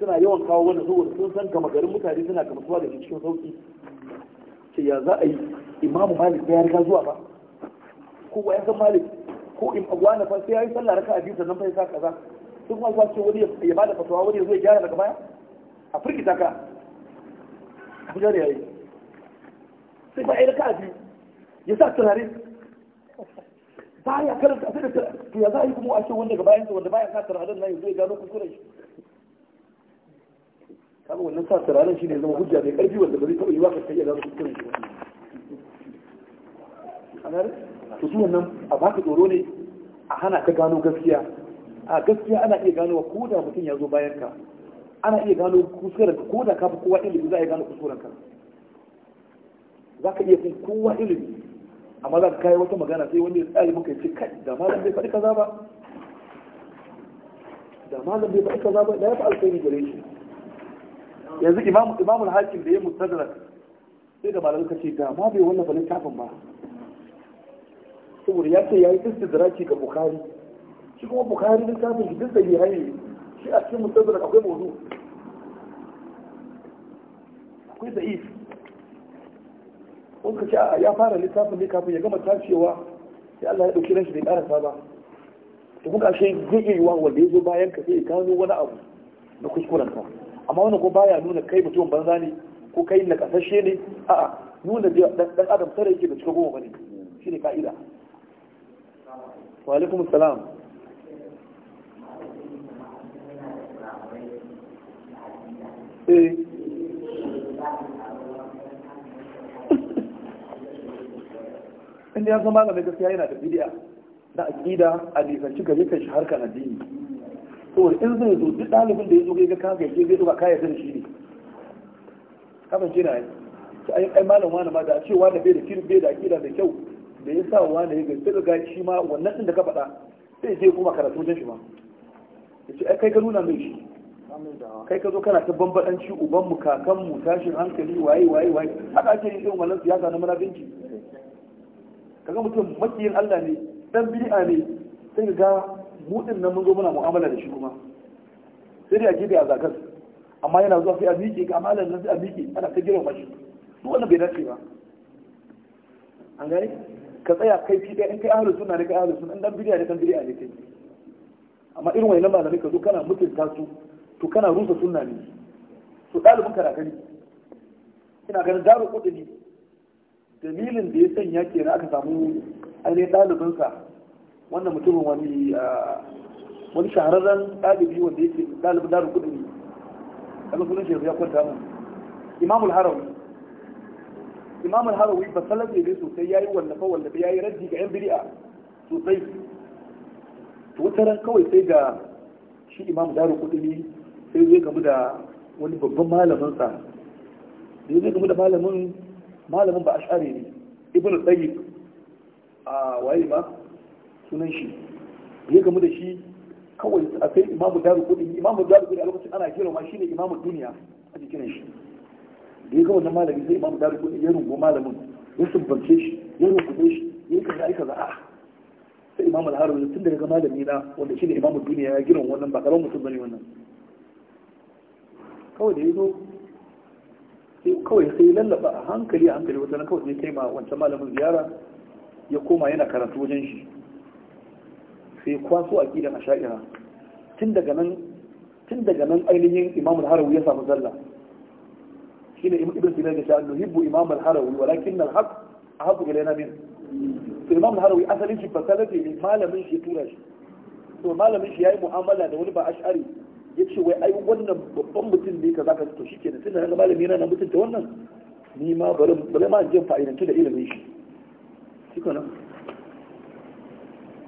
suna yawan kawo wannan saboda sun san gama garin mutane suna suwa da shi cikin sauki ce ya za a yi imamu malik ya riga zuwa ba Ko ya san malik ko in agwana fa sai ya yi sallah a biyu sannan fa ya sa kaza sun kuma zuwa ce wani ya ba da fatawa wani ya zo ya gyara daga baya a firgita ka a fujar ya yi sai ba a yi a biyu ya sa turare ya karanta sai da ya za a yi kuma a ce wanda ga sa wanda baya sa turaren nan ya zo ya gano kuskuren shi kaga wannan sa turaren ne zama hujja mai karfi wanda ba zai taɓa yiwa ka kai ya zama kuskure shi ba to su wannan a baka tsoro ne a hana ka gano gaskiya a gaskiya ana iya gano ko da mutum ya zo bayan ka ana iya gano kuskuren ka ko da ka fi kowa ilimi za a iya gano kuskuren ka za ka iya fin kowa ilimi amma za ka kai wata magana sai wanda ya tsari maka ya ce kai da malam bai faɗi kaza ba da malam bai faɗi kaza ba da ya fi alkhairi gare shi yanzu imamul hakim da ya mustadrak sai da malamai ka ga ma bai wallafa littafin ba saboda ya ce ya yi istidraki ga bukari shi kuma bukari littafin shi duk da yi haye shi a cikin mustadrak akwai mawdu akwai da'if wani ka ce a ya fara littafin ne kafin ya gama tashewa sai Allah ya ɗauki ranshi ya ƙarasa ba to kuka ashe zai iya wa wanda ya zo bayan ka sai ya gano wani abu na kuskuren ka amma wannan ko baya nuna kai mutum banza ne ko kai na kasashe ne a'a nuna dan adam tare yake da cika goma bane ne, ka'ida wa alaikum salam eh inda ya zama malamai gaskiya yana da bidiya na aƙida a nisanci gare kan shi harkar addini saboda in zai zo duk ɗalibin da ya zo ga kaga ke zai ɗauka kaya zai shi ne kafin ce na yi ai ai malam wani ma da cewa da bai da kiri bai da akida da kyau da ya sa wani ya gaske ga shi ma wannan din da ka faɗa sai je kuma karatu da shi ma ya ce ai kai ka nuna mai shi kai ka zo kana ta bambaɗanci ubanmu kakanmu tashin hankali waye waye waye haka ake yin irin wannan siyasa na munafinci kaga mutum makiyin Allah ne dan bid'a ne sai ga mu din nan mun zo muna mu'amala da shi kuma sai dai a gefe a zakar amma yana zuwa sai a miƙe ga malam nan sai a miƙe ana ta girma shi duk wannan bai dace ba an gani ka tsaya kai fi ɗaya in kai ahlus sunna ne kai ahlus sunna in dan bidiya ne kan bidiya ne kai amma irin wani lamba da ka zo kana mutunta su to kana rusa sunna ne to ɗalibin karakari ina ganin daru kuɗi dalilin da ya sanya kenan aka samu ainihin ɗalibinsa wannan mutumin wani wani shahararren ɗalibi wanda yake ɗalibin darin kudin ne ɗalibin kudin shekaru ya kwanta mun imamul harawi imamul harawi ba salafi ne sosai ya yi wallafa wallafa ya yi raddi ga yan biri'a sosai to wata ran kawai sai ga shi imam darin kudin ne sai zai gamu da wani babban malaminsa da zai gamu da malamin malamin ba a share ne ibn tsayyib a waye ma. sunan shi ya gamu da shi kawai a sai imamu daru kudin imamu daru kudin a lokacin ana kira ma shi ne imamu duniya a jikin shi da ya ga wannan malami sai imamu daru kudin ya rungu malamin ya sumbance shi ya rungu shi ya yi kaza aika za'a sai imamu al-harawi tun daga malami na wanda shi ne imamu duniya ya girin wannan ba karamin mutum bane wannan kawai da ya zo kawai sai lallaba a hankali a hankali wata na kawai sai kai ma wancan malamin ziyara ya koma yana karatu wajen shi sai kwaso aqidan asha'ira tun daga nan tun daga nan ainihin imam al-harawi ya samu zalla shine ibn sinan ya ce nuhibbu imam al-harawi walakin al-haq ahabbu ilayna min to imam al-harawi asalin shi fasalati ne malamin shi tura shi to malamin shi yayi mu'amala da wani ba ash'ari yace wai ai wannan babban mutum ne kaza ka to shikenan tun daga malami yana mutunta wannan ni ma bari bari ma jin fa'idantu da ilimin shi shikenan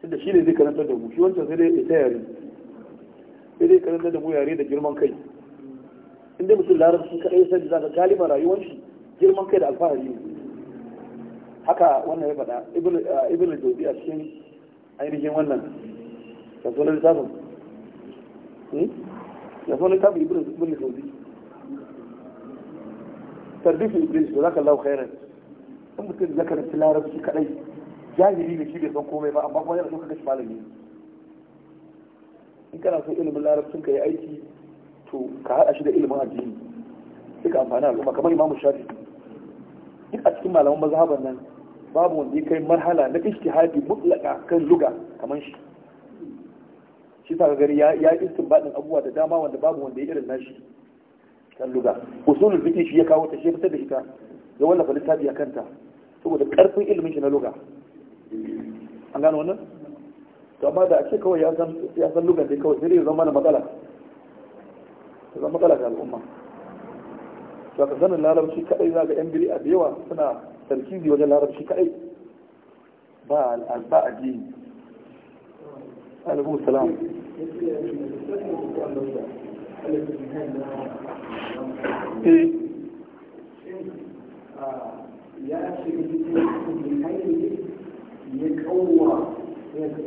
tunda shi ne zai karanta da mu shi wancan sai dai ya ta yare sai dai karanta da mu yare da girman kai inda mutum larabci kaɗai sai da zaka galiba rayuwar shi girman kai da alfahari ne haka wannan ya faɗa ibn uh, a cikin ainihin wannan da sunan littafin hmm? da sunan littafin ibn jodi tarbifin iblis da zaka lau khairan in mutum ya da larabci kaɗai jahili ne shi bai san komai ba amma kuma yana so ka kashe malami in kana so ilimin larabcin ka yi aiki to ka haɗa shi da ilimin addini sai ka amfani al'umma kamar imamu shafi duk a cikin malaman mazhaban nan babu wanda ya kai marhala na ijtihadi mutlaka kan luga kamar shi shi sa gari ya ya istinbadin abubuwa da dama wanda babu wanda ya irin nashi kan luga usulul fiqh shi ya kawo ta shi fitar da ita ya wallafa littafi a kanta saboda karfin ilimin shi na luga an gano wannan to amma da ake kawai ya san lugan dai kawai zai zama da matsala ta zama matsala ga al'umma to ka sanin larabci kadai za ga yan biri a da yawa suna tarkizi wajen larabci kadai ba al'alba a jini alaikum salam ya ce ya kawwa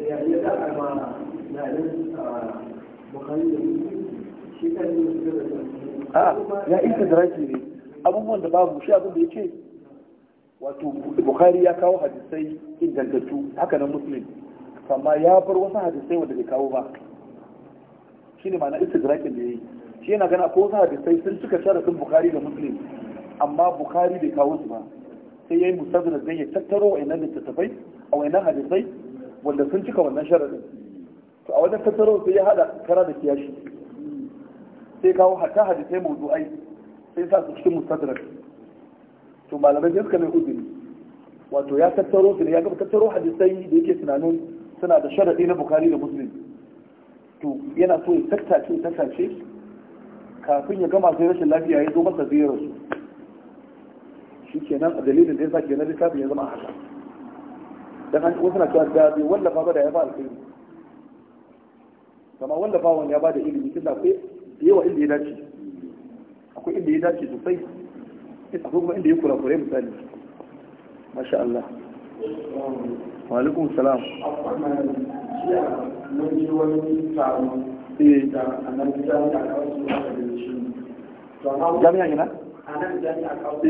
ya daɗa ma na yin bukari da shi kan yi su da sarki ya isa diraki ne abubuwan da babu shi abin da ya ce wato bukari ya kawo hadisai ingantattu haka na muslim amma ya bar wasu hadisai wanda bai kawo ba shi ne ma'ana istidrakin da ya yi shi yana gana ko wasu hadisai sun cika sun bukari da muslim amma bukari bai kawo su ba sai ya yi musadar zai ya tattaro wa inda littattafai a wainan hadisai wanda sun cika wannan sharadin to a wajen tattaro sai ya hada kara da kiyashi sai kawo hatta hadisai ai sai sa su cikin mustadrak to malamai sai suka mai uzuri wato ya tattaro su ne ya gaba tattaro hadisai da yake tunanin suna da sharadi na bukari da muslim to yana so ya tattace ya tattace kafin ya gama sai rashin lafiya ya zo masa zai rasu shi kenan a dalilin da ya sa kenan lissafin ya zama haka dan an wasu na cewa da bai wallafa ba da ya ba alkhairi kama wallafa wani ya ba da ilimi tunda akwai da yawa inda ya dace akwai inda ya dace sosai akwai kuma inda ya kurakurai misali masha Allah wa alaikum salam mun ji wani taro da annabi jami'a kawo su da shi jami'a ina anan jami'a kawo su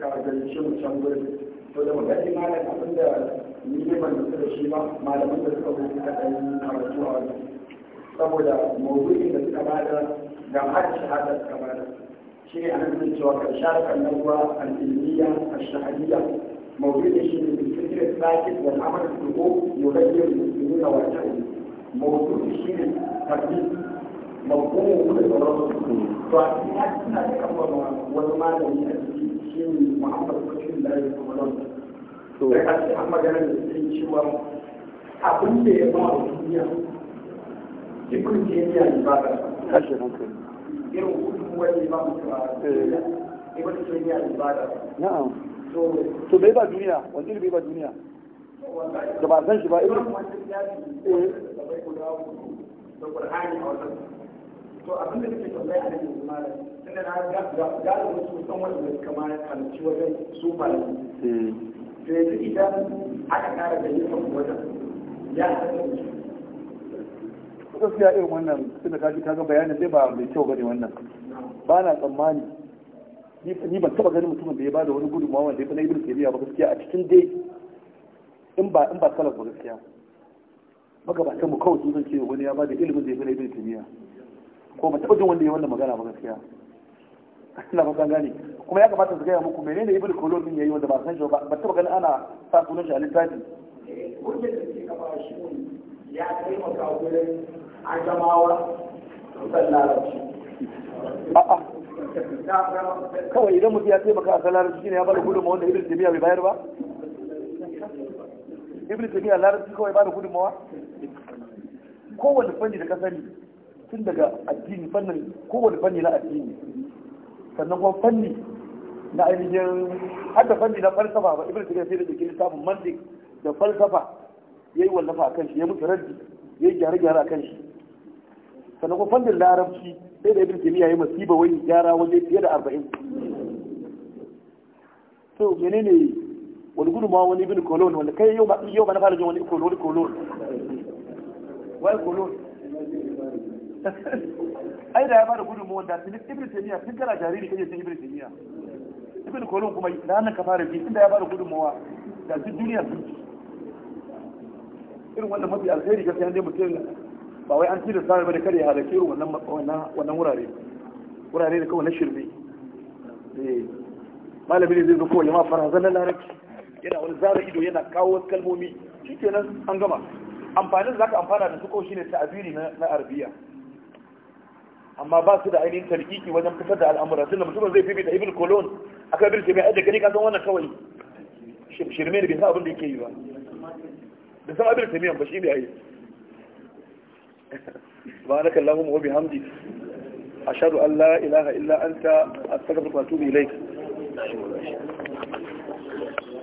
da shi can gurin to da magani malam abin da ni ne suka da shi ba malaman da suka gudu a ɗan karatu a wani saboda mawuyin da suka bada ga hajji shahada suka bada shi ne an zai cewa karshar kallon ruwa a ilmiya al-shahadiyya mawuyin shi ne bikin sakit da amar duko yurayyar musulmi na wajen mawuyin shi ne tabbis mafhumu da sauransu to a cikin hajji suna da kafa wani malami a ciki shehu muhammad bashin da ya to da kashi an magana da sai cewa abin da ya ba duniya jikin duniya ne ba da kashin hankali irin kudin wani ba mu kira ba duniya ne ba da na'am to bai ba duniya wani bai ba duniya da ba san shi ba ibn eh. da Qur'ani a wannan to abin da kake tambaya a nan malam inda na galibin su san wanda suka ma halarci wajen su malami sai eh. yanzu idan aka kara da yin abu wajen ya gaskiya irin wannan tunda kaji kaga bayanin zai ba mai kyau bane wannan ba na tsammani ni ban taba ganin mutumin da ya bada wani gudunmawa wanda ya fi na ibn taymiya ba gaskiya a cikin dai in ba in ba salaf ba gaskiya magabatan mu kawai sun ce wani ya bada ilimin da ya fi na ibn taymiya ko ba taba jin wanda ya wannan magana ba gaskiya ina ba gane kuma ya kamata su gaya muku menene ibn kolon din yayi wanda ba san shi ba ba taba gani ana sa sunan shi a littafi wanda eh, da ke kafa shi ya taimaka wurin ajamawa san larabci a'a kawai idan mutum ya taimaka a san cikin ne ya bada gudunmawa wanda ibn tabiya bai bayar ba ibn tabiya larabci kawai bada gudunmawa kowane fanni da ka sani tun daga addini fannin kowane fanni na addini sannan kuma fanni na ainihin hadda fanni na falsafa ba ibn tafiya sai da jikin samun mantik da falsafa ya yi wallafa a kan shi ya mutu raddi ya yi gyare-gyare a kan shi sannan kuma fannin larabci sai da ibn tafiya ya yi masiba wani gyara waje fiye da arba'in to menene wani gudunmawa wani ibn kolon wanda kai yau ba na fara jin wani kolon kolon wai kolon ai da ya bada gudunmu wanda ibn taymiya tun kana jariri kaje san ibn taymiya ibn kolon kuma da nan ka fara bi inda ya bada gudunmawa da duk duniya sun ci irin wannan mafi alheri gaskiya dai mutum ba wai an tilasta ba da kare ya halarci irin wannan wannan wurare wurare da kawai na shirme eh, malami zai zo kawai ya ma fara zanen larabci yana wani zara ido yana kawo wasu kalmomi shikenan an gama amfanin da ka amfana da su ko shine ta'abiri na arabiya amma ba su da ainihin tarkiki wajen fitar da al'amura tunda mutumin zai fifita ibn kolon a kan birke mai aida gani kasan wannan kawai shirme ne bai sa abin da yake yi ba da san abin tamiyan ba shi ne ayi subhanaka mu wa bihamdi ashhadu an la ilaha illa anta astaghfiruka wa atubu ilaik